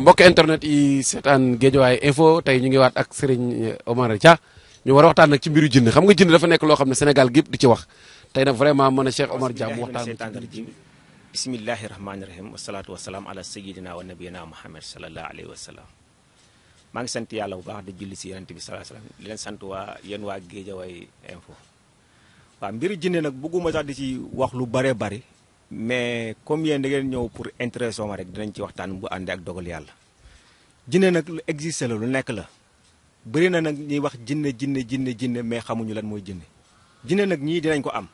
mbokk internet yi seetaan Guédiawaye info tey ñu ngi waat ak Serigne eh, Omar Dia ñu war a waxtaan nag ci mbiru jinne xam nga jinne dafa nekk loo xam ne Sénégal gépp di ci wax tey nag vraiment mën a Cheikh Omar Dia mu waxtaan bismillahi rahmaani rahim wasalaatu wasalaam ala sayidina wa nabiyina muhammad salallahu alayhi wa sallam maa ngi sant yàlla bu baax di julli si yonent bi salaa salaam leen sant waa yéen waa Guédiawaye info waaw mbiru jinne nag bëgguma sax di ci wax lu bare bari mais comme yéen da ngeen ñëw pour intéresser ma rek dinañ ci waxtaan bu ànd ak dogal yàlla jinne nag lu existé la lu nekk la bëri na nag ñuy wax jinne jinne jinne jinne mais xamuñu lan mooy jinne jinne nag ñii dinañ ko am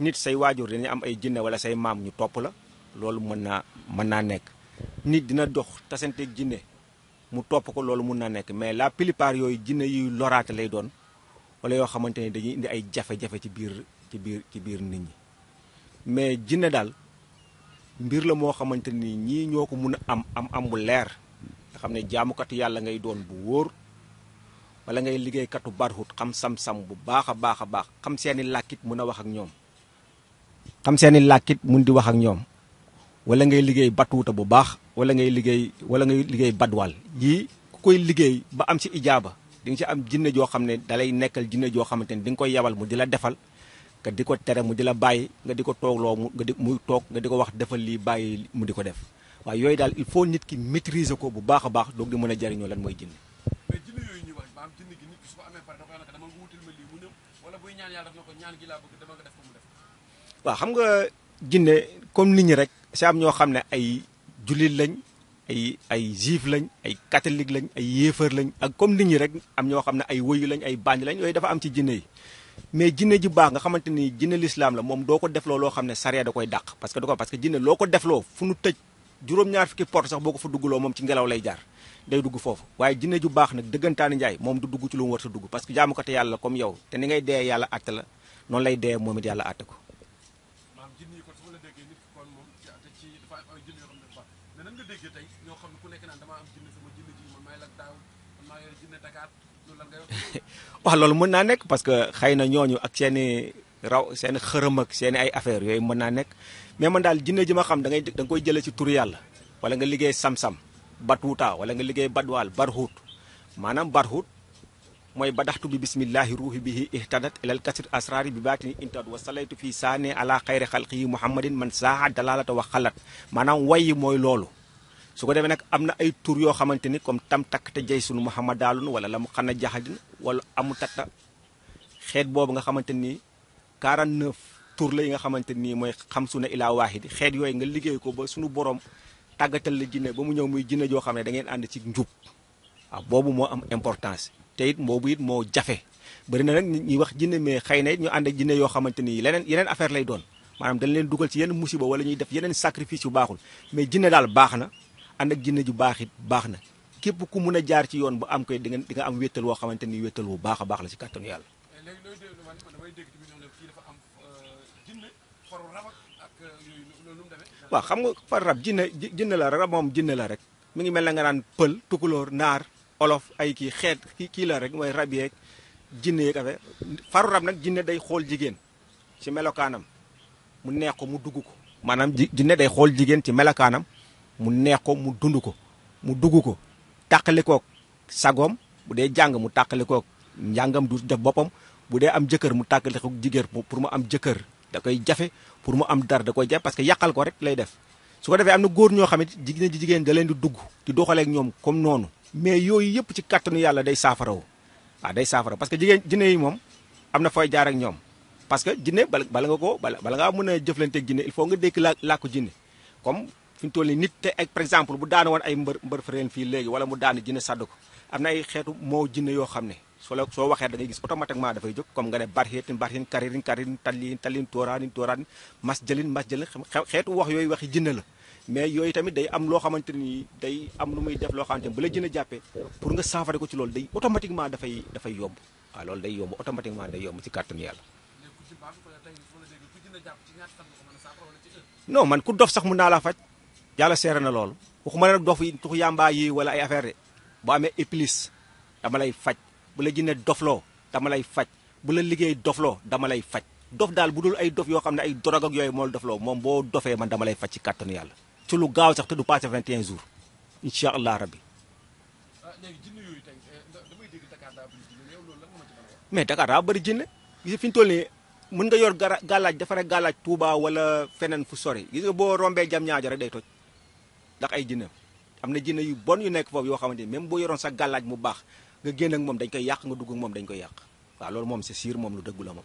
nit say waajur dinañ am ay jinne wala say maam ñu topp la loolu mën naa mën naa nekk nit dina dox tasanteeg jinne mu topp ko loolu mun naa nekk mais la plupart yooyu jinne yuy loraate lay doon wala yoo xamante ne dañuy indi ay jafe ci biir ci biir ci biir nit ñi mais jinne daal mbir la moo xamante ni ñii ñoo ko mun a am am am bu leer nga xam ne jaamukatu yàlla ngay doon bu wóor wala ngay liggéeykatu barxut xam sam-sam bu baax a baax a baax xam seeni làkkit mun a wax ak ñoom xam seeni làkkit mun di wax ak ñoom wala ngay liggéey batuwuta bu baax wala ngay liggéey wala ngay liggéey batuwaal yii ku koy liggéey ba am ci ijaaba di nga ci am jinne joo xam ne dalay nekkal jinne joo xamante ni di nga koy yabal mu di la defal nga di ko tere mu di la bàyyi nga di ko toogloo mu nga di muy toog nga di ko wax defal lii bàyyi mu di ko def waaye yooyu daal il faut nit ki maîtriser ko bu baax a baax doog di mën a jariñoo mooy jinne mais jinne yooyu su amee pare wala buy ñaan yàlla daf na ko ñaan gi laa bëgg dama waaw xam nga jinne comme nit ñi rek si ñoo xam ne ay jullit lañ ay ay juif lañ ay catholique lañ ay yéefar lañ ak comme nit ñi rek am ñoo xam ne ay wëyu lañ ay bànj lañ yooyu dafa am ci jinne yi mais jinne ji baax nga xamante ni jinne lislaam la moom doo ko defloo loo xam ne sariya da koy dàq parce que da ko parce que jinne loo ko defloo fu nu tëj juróom-ñaar fukki porte sax boo ko fa duggloo moom ci ngelaw lay jaar day dugg foofu waaye jinne ju baax nag dëggantaani njaay moom du dugg ci lu mu war sa dugg parce que jaamu ko te comme yow te ni ngay dee yàlla àtte la noonu lay dee moom it yàlla àtte ko tey xam ne ku la wax loolu mën naa nekk parce que xëy na ñooñu ak seen i raw seen xërëm ak seen ay affaire yooyu mën naa nekk mais man daal jinne ji ma xam dangay ngay da koy jëlee ci turu yàlla wala nga liggéey sam-sam batuuta wala nga liggéey badwaal barxuut maanaam barxuut mooy badaxtu bi bismillahi ruuhi bi ihtadat ilal kasir asraari bi baatini intad wa salaytu fii saane ala xayri xalqi yi muhammadin man saaha dalalata wax xalaat maanaam wayi mooy loolu su ko defee nag am na ay tur yoo xamante ni comme tam takk te jay sunu muhammadaalun wala la mu xana jaxadin wala amu tatta xeet boobu nga xamante ni 49 tur la yi nga xamante nii mooy xam suñu ilaa waahidi xeet yooyu nga liggéey ko ba suñu borom tàggatal la jinne ba mu ñëw muy jinne joo xam ne da ngeen ànd ci njub waaw boobu moo am importance te it mboobu it moo jafe bëri na nag ñu wax jinne mais xay na it ñu ànd ak jinne yoo xamante ni leneen yeneen affaire lay doon maanaam dañ leen dugal ci yenn musiba wala ñuy def yeneen sacrifice yu baaxul mais jinne daal baax na ànd ak jinne ju baax it baax na képp ku mun a jaar ci yoon bu am koy di nga di nga am wéttal woo xamante ni wéttal bu baax a baax la si kàttanu yàlla. waaw xam nga par rab jinne jinne la rab moom jinne la rek mu ngi mel na nga naan pël tukulóor naar olof ay kii xeet kii kii la rek mooy rab yeeg jinne yeeg affaire faru rab nag jinne day xool jigéen ci melokaanam mu neex ko mu dugg ko maanaam jinne day xool jigéen ci melokaanam mu neex ko mu dund ko mu dugg ko tàqalikook sagoom bu dee jàng mu tàqalikook njàngam du def boppam bu dee am jëkkër mu tàqalikook jigéen pour mu am jëkkër da koy jafe pour mu am dara da koy jafe parce que yàqal ko rek lay def su ko defee am na góor ñoo xam ne jigéen ji jigéen da leen di dugg di doxaleek ñoom comme noonu mais yooyu yëpp ci kàttanu yàlla day saafarawu waaw day saafara parce que jigéen jinne yi moom am na fooy jaar ak ñoom parce que jinne bala bala nga ko bala bala ngaa mën a jëflanteeg jinne il faut nga dégg làkku jinne fi ñu toll nii nit te ay par exemple bu daana woon ay mbër mbër fa reen fii léegi wala mu daana jinne sàdd ko am na ay xeetu moo jinne yoo xam ne soo la soo waxee da ngay gis automatiquement dafay jóg comme nga ne barxeetin barxeetin karirin karirin tallin dafay yomb waaw loolu day yomb automatiquement day yomb ci kàttanu yàlla non man ku dof sax mun naa laa faj yàlla seere na loolu waxuma ne nag dof yi tux yàmbaa yi wala ay affaire de boo amee épilis dama lay faj bu la jinne dofloo dama lay faj bu la liggéey dofloo dama lay faj dof daal bu dul ay dof yoo xam ne ay dorog ak yooyu mool dofloo moom boo dofee man dama lay faj ci kàttanu yàlla ci lu gaaw sax te du passé 21 jours incha allah rabbi ah, eh, mais Dakar daa bëri jinne gis fi ñu toll nii mën nga yor gara gàllaaj dafa rek gàllaaj Touba wala feneen fu sori gis nga boo rombee jam ñaajo day toj ndax ay jinne am na jinne yu bon yu nekk foofu yoo xamante ni même boo yoroon sa gàllaaj mu baax nga génn moom dañ koy yàq nga dugg moom dañ koy yàq waaw loolu moom c'est sûr moom lu dëggu la moom.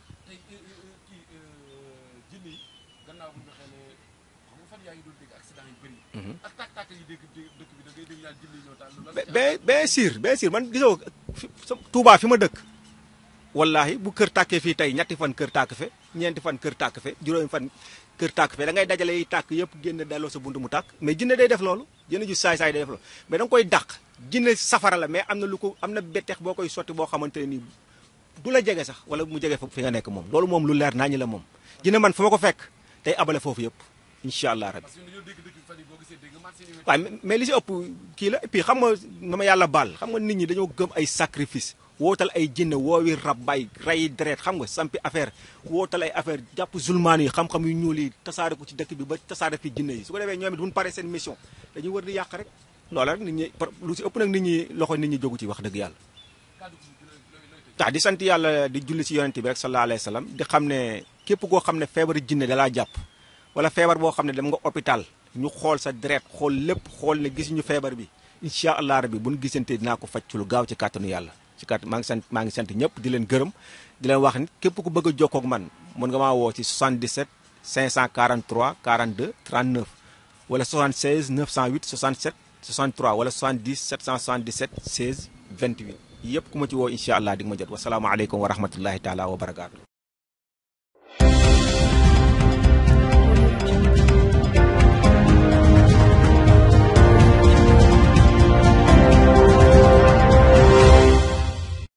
Euh, bien mhm. bien sûr bien man gisoo Touba fi ma dëkk. wallaahi bu kër tàkkee fii tey ñetti fan kër tàkk fe ñent fan kër tak fe juroom fan kër tak fe da ngay dajalé yi tàkk yëpp génn delloo sa buntu mu tak mais jinné day def loolu jinné ju say say day def loolu mais dang koy dàq jinné safara la mais amna luko amna bétex bokoy soti bo xamanteni koy du la jégé sax wala mu jege fi nga nek mom loolu mom lu leer nañ la mom jinné man fa ko fekk tay abalé fofu yépp inshallah rabbi mais li si ëpp ki la et puis xam nga na yalla bal xam nga nit ñi dañu gëm ay sacrifice wootal ay jinne woowi rab bay rey deret xam nga sampi affaire wootal ay affaire jàpp zulmaan yi xam-xam yu ñuul yi tasaare ko ci dëkk bi ba tasaare fi jinne yi su ko defee ñoom it buñ paree seen mission dañuy war di yàq rek loola rek nit ñi lu si ëpp nag nit ñi loxo nit ñi jógu ci wax dëgg yàlla tax di sant yàlla di julli si yonente rek sallallahu alayhi wa sallam di xam ne képp koo xam ne feebar jinne dalaa jàpp wala feebar boo xam ne dem nga hôpital ñu xool sa deret xool lépp xool ne ñu feebar bi incha allah rabbi buñ gisante dinaa ko faj ci lu gaaw ci kàttanu yàlla ci kat maa ngi sant maa ngi sent ñëpp di leen gërëm di leen wax ni képp ku bëgg a jokkoo man mën nga maa woo ci 77 543 42 39 wala 76 908 67 63 wala 70 777 16 28 yëpp ku ma ci woo incha allah di ma jot wasalaamaaleykum wa rahmatullahi taala wa barakaatu.